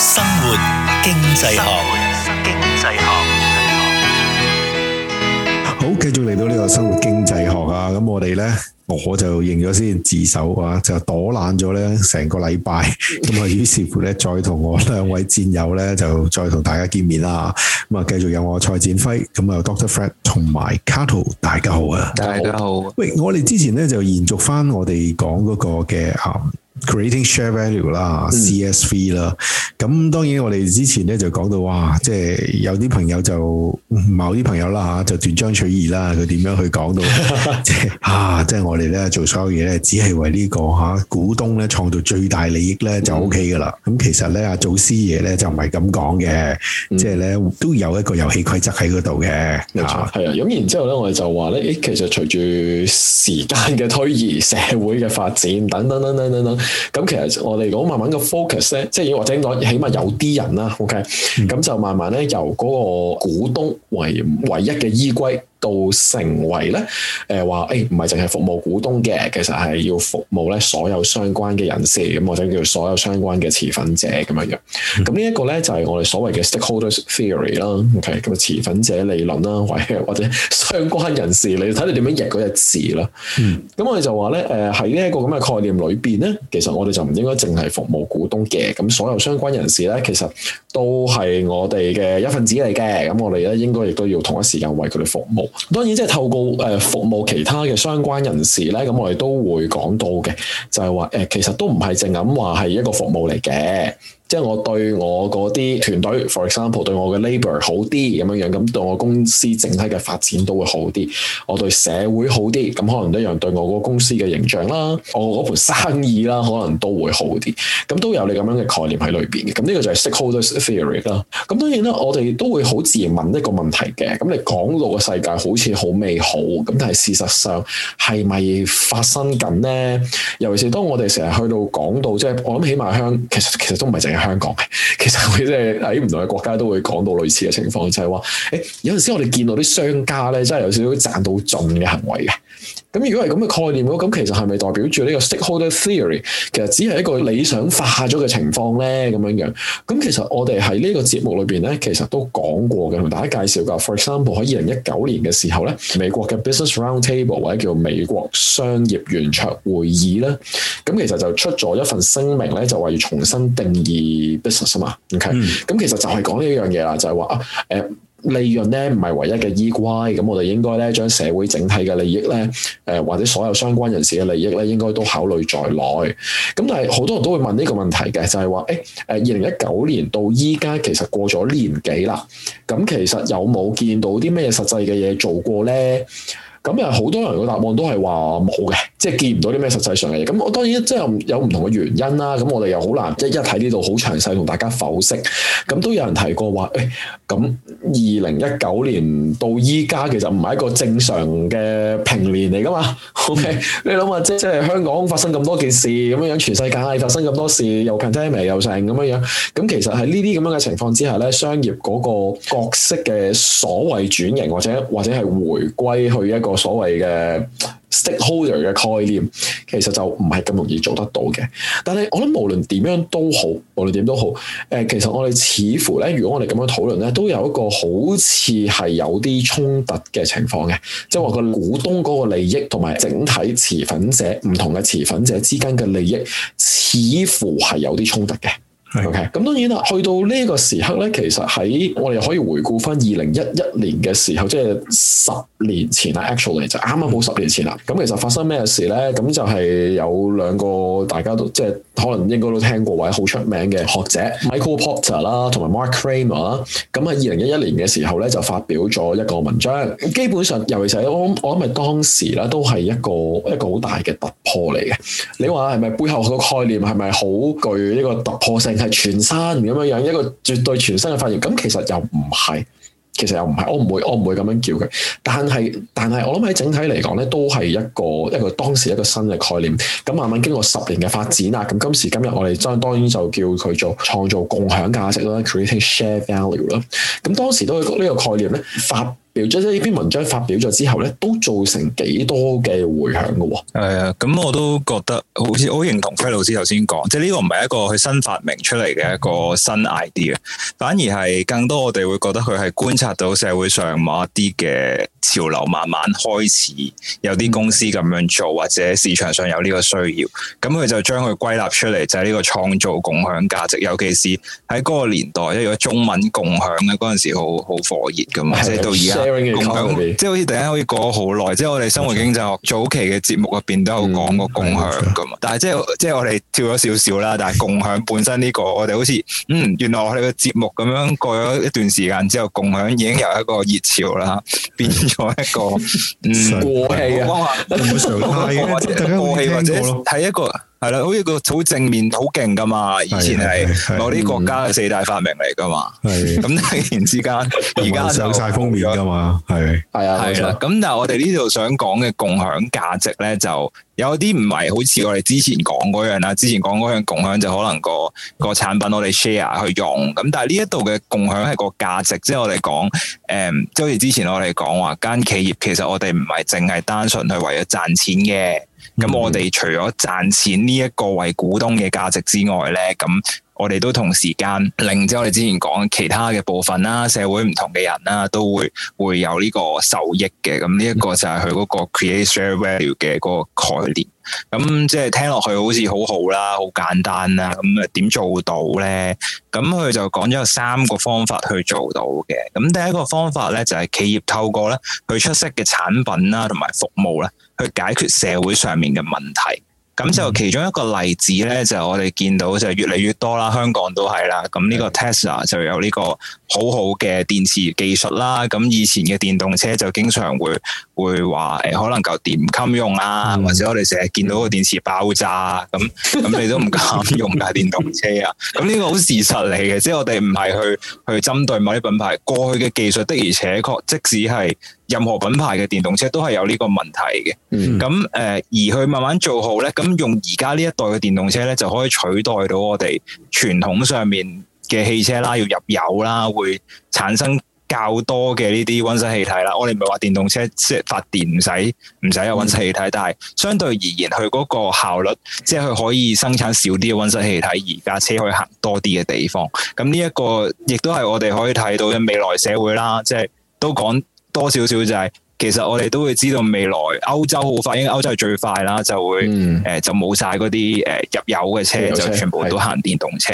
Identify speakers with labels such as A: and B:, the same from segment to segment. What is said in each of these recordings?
A: 生活經濟學，學，
B: 經濟學，學，好，繼續嚟到呢個生活經濟學啊！咁我哋呢，我就認咗先，自首啊，就躲懶咗呢成個禮拜，咁啊，於是乎呢，再同我兩位戰友呢，就再同大家見面啦。咁啊，繼續有我蔡展輝，咁啊，Doctor Fred 同埋 Cattle，大家好啊，大家好。家好喂，我哋之前呢，就延續翻我哋講嗰個嘅啊。嗯 creating share value 啦，CSV 啦、嗯，咁當然我哋之前咧就講到哇，即係有啲朋友就某啲朋友啦嚇，就斷章取義啦，佢點樣去講到 即係啊，即係我哋咧做所有嘢咧、這個，只係為呢個吓，股東咧創造最大利益咧就 O K 噶啦。咁、嗯、其實咧阿祖師爺咧就唔係咁講嘅，嗯、即係咧都有一個遊戲規則喺嗰度嘅。冇錯、嗯，係啊。咁然之後咧我哋就話咧，誒其實隨住時間嘅推移、社會嘅發展等等等等等等。咁其實我哋如果慢慢嘅 focus 咧，即係或者講起碼有啲人啦，OK，咁、嗯、就慢慢咧由嗰個股東為唯一嘅依歸，到成為咧，誒、呃、話，誒唔係淨係服務股東嘅，其實係要服務咧所有相關嘅人士，咁或者叫所有相關嘅持份者咁樣樣。咁呢一個咧就係我哋所謂嘅 stakeholders theory 啦，OK，咁持份者理論啦，或者或者相關人士，你睇你點樣譯嗰隻字啦。咁、嗯、我哋就話咧，誒喺呢一個咁嘅概念裏邊咧，其實我哋就唔應該淨係服務股東嘅，咁所有相關人士咧，其實都係我哋嘅一份子嚟嘅，咁我哋咧應該亦都要同一時間為佢哋服務。當然，即係透過誒服務其他嘅相關人士咧，咁我哋都會講到嘅，就係話誒，其實都唔係淨係咁話係一個服務嚟嘅。即係我對我啲團隊 for example，對我嘅 labor 好啲咁樣樣，咁對我公司整體嘅發展都會好啲。我對社會好啲，咁可能一樣對我個公司嘅形象啦，我嗰盤生意啦，可能都會好啲。咁都有你咁樣嘅概念喺裏邊嘅。咁呢個就係 stakeholder theory 啦。咁當然啦，我哋都會好自然問一個問題嘅。咁你講到個世界好似好美好，咁但係事實上係咪發生緊咧？尤其是當我哋成日去到講到，即係我諗起碼香，其實其實都唔係淨係。香港嘅，其實即係喺唔同嘅國家都會講到類似嘅情況，就係話，誒有陣時我哋見到啲商家咧，真係有少少賺到盡嘅行為嘅。咁如果係咁嘅概念咁，其實係咪代表住呢個 stakeholder theory 其實只係一個理想化咗嘅情況咧？咁樣樣，咁其實我哋喺呢個節目裏邊咧，其實都講過嘅，同大家介紹噶。嗯、For example，喺二零一九年嘅時候咧，美國嘅 Business Roundtable 或者叫美國商業圓桌會議咧，咁其實就出咗一份聲明咧，就話要重新定義 business 啊嘛。OK，咁、嗯、其實就係講呢一樣嘢啦，就係話誒。呃利潤咧唔係唯一嘅依歸，咁我哋應該咧將社會整體嘅利益咧，誒、呃、或者所有相關人士嘅利益咧，應該都考慮在內。咁但係好多人都會問呢個問題嘅，就係話誒、誒二零一九年到依家其實過咗年幾啦，咁其實有冇見到啲咩嘢實際嘅嘢做過呢？咁又好多人個答案都係話冇嘅，即係見唔到啲咩實際上嘅嘢。咁我當然即係有唔同嘅原因啦。咁我哋又好難一一睇呢度好詳細同大家剖析。咁都有人提過話，誒咁二零一九年到依家其實唔係一個正常嘅平年嚟㗎嘛。O K，你諗下，即係香港發生咁多件事咁樣樣，全世界發生咁多事，又緊張嚟又成咁樣樣。咁其實喺呢啲咁樣嘅情況之下咧，商業嗰個角色嘅所謂轉型或者或者係回歸去一個個所謂嘅 stakeholder 嘅概念，其實就唔係咁容易做得到嘅。但係我諗無論點樣都好，無論點都好，誒、呃，其實我哋似乎咧，如果我哋咁樣討論咧，都有一個好似係有啲衝突嘅情況嘅，即係話個股東嗰個利益同埋整體持份者唔同嘅持份者之間嘅利益，似乎係有啲衝突嘅。O.K. 咁當然啦，去到呢個時刻咧，其實喺我哋可以回顧返二零一一年嘅時候，即係十年前啦，actually 就啱啱好十年前啦。咁其實發生咩事咧？咁就係有兩個大家都即係可能應該都聽過或者好出名嘅學者 Michael Porter 啦，同埋 Mark Kramer 啦。咁喺二零一一年嘅時候咧，就發表咗一個文章。基本上，尤其係我諗，我諗係當時咧都係一個一個好大嘅突破嚟嘅。你話係咪背後個概念係咪好具呢個突破性？係全新咁樣樣一個絕對全新嘅發現，咁其實又唔係，其實又唔係，我唔會，我唔會咁樣叫佢。但係，但係我諗喺整體嚟講咧，都係一個一個當時一個新嘅概念。咁慢慢經過十年嘅發展啦，咁今時今日我哋將當然就叫佢做創造共享價值啦，creating shared value 啦。咁當時都呢個概念咧發。即係呢篇文章發表咗之後咧，都造成幾多嘅迴響嘅
A: 喎。係啊，咁我都覺得好似好認同輝老師頭先講，即係呢個唔係一個佢新發明出嚟嘅一個新 idea，反而係更多我哋會覺得佢係觀察到社會上某一啲嘅潮流，慢慢開始有啲公司咁樣做，或者市場上有呢個需要，咁佢就將佢歸納出嚟就係呢個創造共享價值。尤其是喺嗰個年代，因一個中文共享咧，嗰陣時好好火熱㗎嘛，即係的到而家。共享即係好似突然間可以過咗好耐，即係我哋生活經濟學早期嘅節目入邊都有講過共享㗎嘛，但係即係即係我哋跳咗少少啦。但係共享本身呢個，我哋好似嗯，原來我哋嘅節目咁樣過咗一段時間之後，共享已經由一個熱潮啦變咗一個過氣啊，或者過氣或者係一個。係啦，好似個好正面、好勁噶嘛，以前係我哋啲國家四大發明嚟噶嘛。咁突的 然之間，而家就走晒封
B: 面噶嘛。係
A: 係啊，冇錯。咁的但係我哋呢度想講嘅共享價值咧，就有啲唔係好似我哋之前講嗰樣啦。之前講嗰樣，樣共享就可能個個產品我哋 share 去用。咁但係呢一度嘅共享係個價值，即、就、係、是、我哋講，誒、嗯，即係之前我哋講話間企業其實我哋唔係淨係單純去為咗賺錢嘅。咁我哋除咗賺錢呢一個為股東嘅價值之外咧，咁，我哋都同時間，令即我哋之前講其他嘅部分啦，社會唔同嘅人啦，都會會有呢個受益嘅。咁呢一個就係佢嗰個 create shared value 嘅嗰個概念。咁即係聽落去好似好好啦，好簡單啦。咁啊點做到咧？咁佢就講咗三個方法去做到嘅。咁第一個方法咧就係、是、企業透過咧佢出色嘅產品啦，同埋服務咧，去解決社會上面嘅問題。咁就其中一個例子呢，就我哋見到就越嚟越多啦，香港都係啦。咁呢個 Tesla 就有呢個好好嘅電池技術啦。咁以前嘅電動車就經常會。會話誒、呃，可能舊電唔襟用啊，嗯、或者我哋成日見到個電池爆炸啊，咁咁你都唔敢用架電動車啊。咁呢 個好事實嚟嘅，即係我哋唔係去去針對某啲品牌過去嘅技術的確，而且確即使係任何品牌嘅電動車都係有呢個問題嘅。咁誒、嗯呃，而去慢慢做好呢，咁用而家呢一代嘅電動車呢，就可以取代到我哋傳統上面嘅汽車啦，要入油啦，會產生。較多嘅呢啲溫室氣體啦，我哋唔係話電動車即係發電唔使唔使有溫室氣體，但係相對而言，佢嗰個效率即係佢可以生產少啲嘅溫室氣體，而架車可以行多啲嘅地方。咁呢一個亦都係我哋可以睇到嘅未來社會啦，即係都講多少少就係、是。其實我哋都會知道未來歐洲好快，因為歐洲係最快啦，就會誒、嗯呃、就冇晒嗰啲誒入油嘅車，車就全部都行電動車。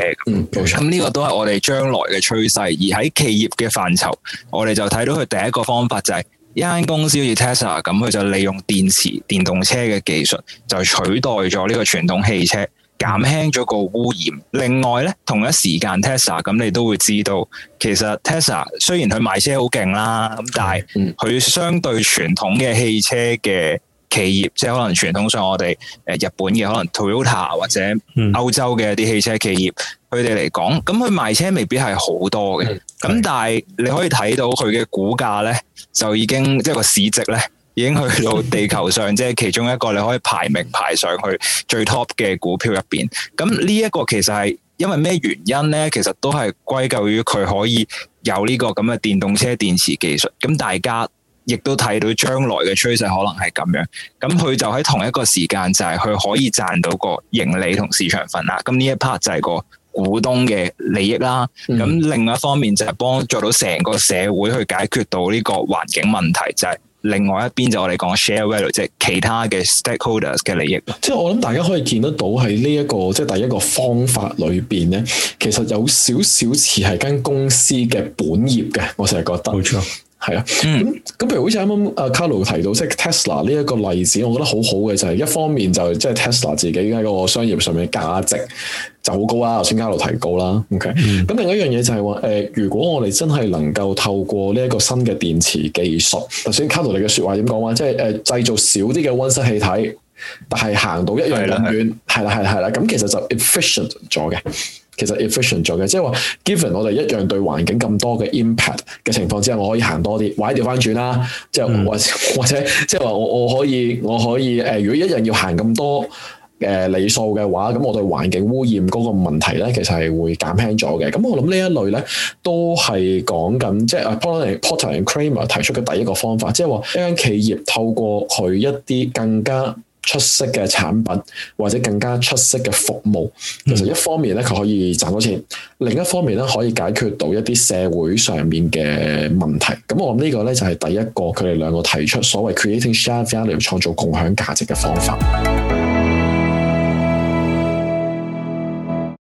A: 咁呢個都係我哋將來嘅趨勢。而喺企業嘅範疇，我哋就睇到佢第一個方法就係、是，一間公司好似 Tesla，咁佢就利用電池電動車嘅技術，就取代咗呢個傳統汽車。減輕咗個污染。另外咧，同一時間 Tesla 咁，你都會知道，其實 Tesla 雖然佢賣車好勁啦，咁但係佢相對傳統嘅汽車嘅企業，嗯、即係可能傳統上我哋誒日本嘅可能 Toyota 或者歐洲嘅一啲汽車企業，佢哋嚟講，咁佢賣車未必係好多嘅。咁的但係你可以睇到佢嘅股價咧，就已經即係個市值咧。 已經去到地球上，即係其中一個你可以排名排上去最 top 嘅股票入邊。咁呢一個其實係因為咩原因呢？其實都係歸咎於佢可以有呢個咁嘅電動車電池技術。咁大家亦都睇到將來嘅趨勢可能係咁樣。咁佢就喺同一個時間就係佢可以賺到個盈利同市場份額。咁呢一 part 就係個股東嘅利益啦。咁另一方面就係幫做到成個社會去解決到呢個環境問題，就係、是。另外一邊就我哋講 share value，即係其他嘅 stakeholders 嘅利益。
B: 即係我諗大家可以見得到喺呢一個即係、就是、第一個方法裏邊咧，其實有少少似係間公司嘅本業嘅，我成日覺得。冇錯。係啊，咁咁譬如好似啱啱阿卡路提到，即係 Tesla 呢一個例子，我覺得好好嘅就係一方面就即係 Tesla 自己喺個商業上面嘅價值就好高啦，頭先卡路提高啦，OK，咁、嗯、另外一樣嘢就係話，誒、呃，如果我哋真係能夠透過呢一個新嘅電池技術，頭先卡路你嘅說話點講啊？即係誒製造少啲嘅溫室氣體。但係行到一樣咁遠，係啦係啦係啦，咁其實就 efficient 咗嘅，其實 efficient 咗嘅，即係話，given 我哋一樣對環境咁多嘅 impact 嘅情況之下，我可以行多啲，嗯、或者調翻轉啦，即係或者或者即係話我我可以我可以誒，如果一樣要行咁多誒里數嘅話，咁我對環境污染嗰個問題咧，其實係會減輕咗嘅。咁我諗呢一類咧，都係講緊即係、就、啊、是、，Porter and Kramer 提出嘅第一個方法，即係話一間企業透過佢一啲更加。出色嘅產品或者更加出色嘅服務，其實一方面咧佢可以賺到錢，另一方面咧可以解決到一啲社會上面嘅問題。咁我諗呢個咧就係第一個佢哋兩個提出所謂 creating shared value 創造
A: 共享價值嘅方法。